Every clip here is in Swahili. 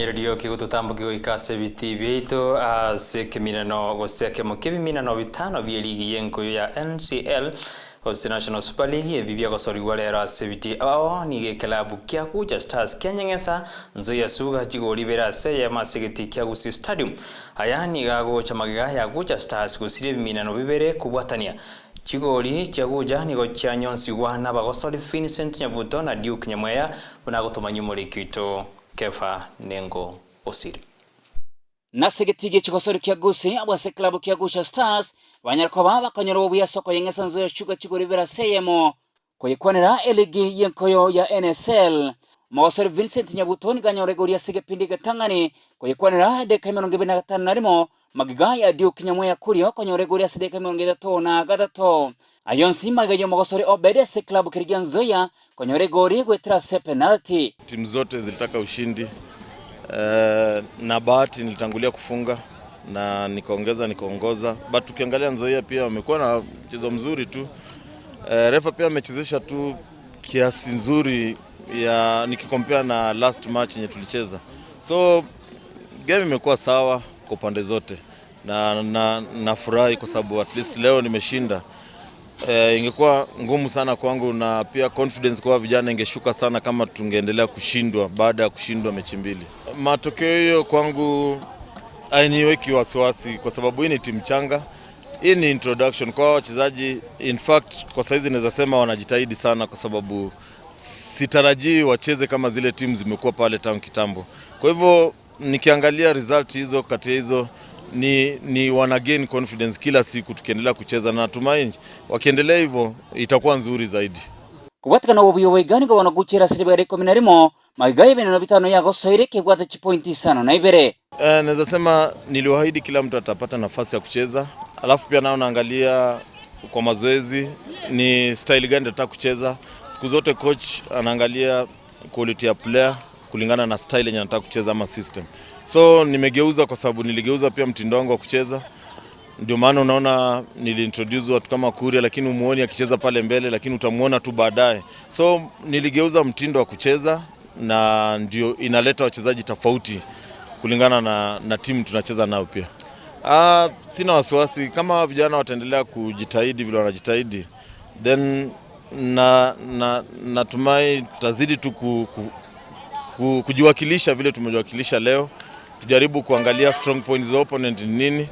kumenyererio kigututambukigo ikase biti biaito ase keminano gose kemo kebiminano bitano bia ligi yenkuyu ya ncl gose national super league ebi biagosoriwa rero ase biti ao nige ekelabu kia kuja stars kianyeng'esa nzo ya suga yasuga chigoribera ase yemasegeti kia gusi stadium aya niga gocha magega ya kuja stars gosire ebiminano bibere kubwatania chigori chiaguja nigo chianyonsiwa na bagosori Vincent Nyabuto na Duke Nyamweya bunagotoma nyumoriki itu kefa nengo osiri nase gitigici gosori kiagusi abwase klabu kiagusha stars banyarkoba bakonyora obuyasoko yeng'esanzo yachuga chigoribera seyemo koyekwanera eligi yenkoyo ya nsl mogosori vincent nyabutoni ganyoregoria pindi gatang'ani koyekwanera deka emirongo ibere na gatano na rimo magiga ya diukinyamwe yakurio konyoregoria sideka emirongo itatu na gatatu Ayonsimaga yomogosori obedese klabu kirigya nzoya konyore gori gwetera se penalty. Timu zote zilitaka ushindi uh, na bahati nilitangulia kufunga na nikaongeza nikaongoza, but ukiangalia Nzoia pia wamekuwa na mchezo mzuri tu. Uh, refa pia amechezesha tu kiasi nzuri ya nikikompea na last match yenye tulicheza, so game imekuwa sawa kwa pande zote na nafurahi na kwa sababu at least leo nimeshinda e, ingekuwa ngumu sana kwangu na pia confidence kwa vijana ingeshuka sana kama tungeendelea kushindwa baada ya kushindwa mechi mbili. Matokeo hiyo kwangu hainiweki wasiwasi kwa sababu hii ni timu changa. Hii ni introduction kwa wachezaji. In fact, kwa saizi naweza sema wanajitahidi sana kwa sababu sitarajii wacheze kama zile timu zimekuwa pale tangu kitambo. Kwa hivyo nikiangalia result hizo kati ya hizo ni, ni wana gain confidence kila siku tukiendelea kucheza, na natumaini wakiendelea hivyo itakuwa nzuri zaidi kubatikana obuyoboyi bwaiganiga bonaguchira siribare ikumi na rimo maigayo ebinano bitano yagosoire kebwate chipointi sana na ibere. Eh, naweza sema niliwaahidi kila mtu atapata nafasi ya kucheza, alafu pia nao naangalia kwa mazoezi ni style gani nataka kucheza. Siku zote coach anaangalia quality ya player kulingana na style yenye nataka kucheza ama system. So nimegeuza kwa sababu niligeuza pia mtindo wangu wa kucheza. Ndio maana unaona niliintroduce watu kama Kuria, lakini umuoni akicheza pale mbele, lakini utamuona tu baadaye. So niligeuza mtindo wa kucheza na ndio inaleta wachezaji tofauti kulingana na, na timu tunacheza nayo pia. Ah, sina wasiwasi kama vijana wataendelea kujitahidi vile wanajitahidi then na, na, natumai tutazidi tu ku, ku, kujiwakilisha vile tumejiwakilisha leo, tujaribu kuangalia strong points za opponent ni nini.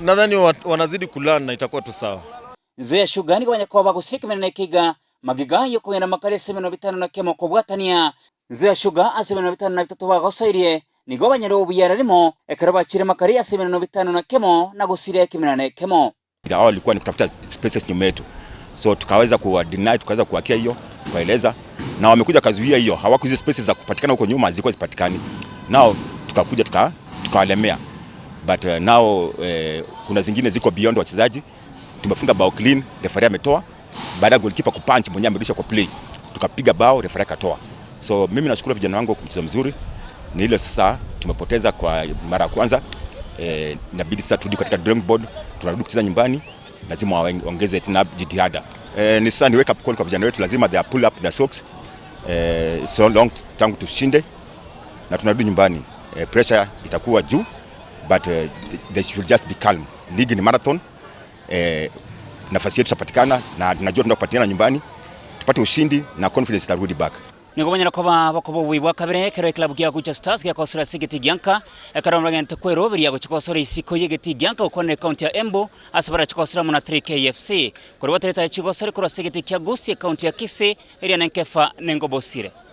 Nadhani wanazidi kulan na itakuwa tu sawa. shugani nzeyashuganiko banyakoba gusikimena na ikiga magigayo kugenda makare na bitano na kemo kwa watania shuga nzeyashuga na bitano na bitatu wa ni bagosoirie nigo banyere obuyararimo ekaraba chire makare na bitano na kemo na gusire kimena na kemo ekemo ilikuwa ni kutafuta spaces nyuma yetu, so tukaweza kuwa deny tukaweza kuwakia hiyo kueleza na wamekuja kazuia hiyo, hawako hizo spaces za kupatikana huko nyuma zilikuwa zipatikani, nao tukakuja tuka tukawalemea but uh, nao eh, kuna zingine ziko beyond wachezaji. Tumefunga bao clean, referee ametoa, baada ya goalkeeper kupunch mwenyewe amerusha kwa play, tukapiga bao, referee akatoa. So mimi nashukuru vijana wangu kwa mchezo mzuri, ni ile sasa tumepoteza kwa mara ya kwanza eh, inabidi sasa turudi katika drawing board, tunarudi kucheza nyumbani, lazima waongeze tena jitihada eh, ni sasa ni wake up call kwa vijana wetu, lazima they pull up their socks eh, so long tangu tushinde na tunarudi nyumbani eh, pressure itakuwa juu but eh, they should just be calm. League ni marathon eh, nafasi yetu tutapatikana na tunajua tunakupatikana nyumbani, tupate ushindi na confidence itarudi back nikobanyera koba bakoba obui bwa kabere kero eklabu gia gucha stars giakosora ase egete gianka ekero ya kweroberia gochikosora isiko ya egete gianka gokwana ekaunti ya embu ase barachikosora muna 3k fc kori batereta chigosore korwa ase egete kia gusi ekaunti ya kisi eria nenkefa nengobosire